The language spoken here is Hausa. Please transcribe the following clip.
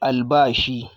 albashi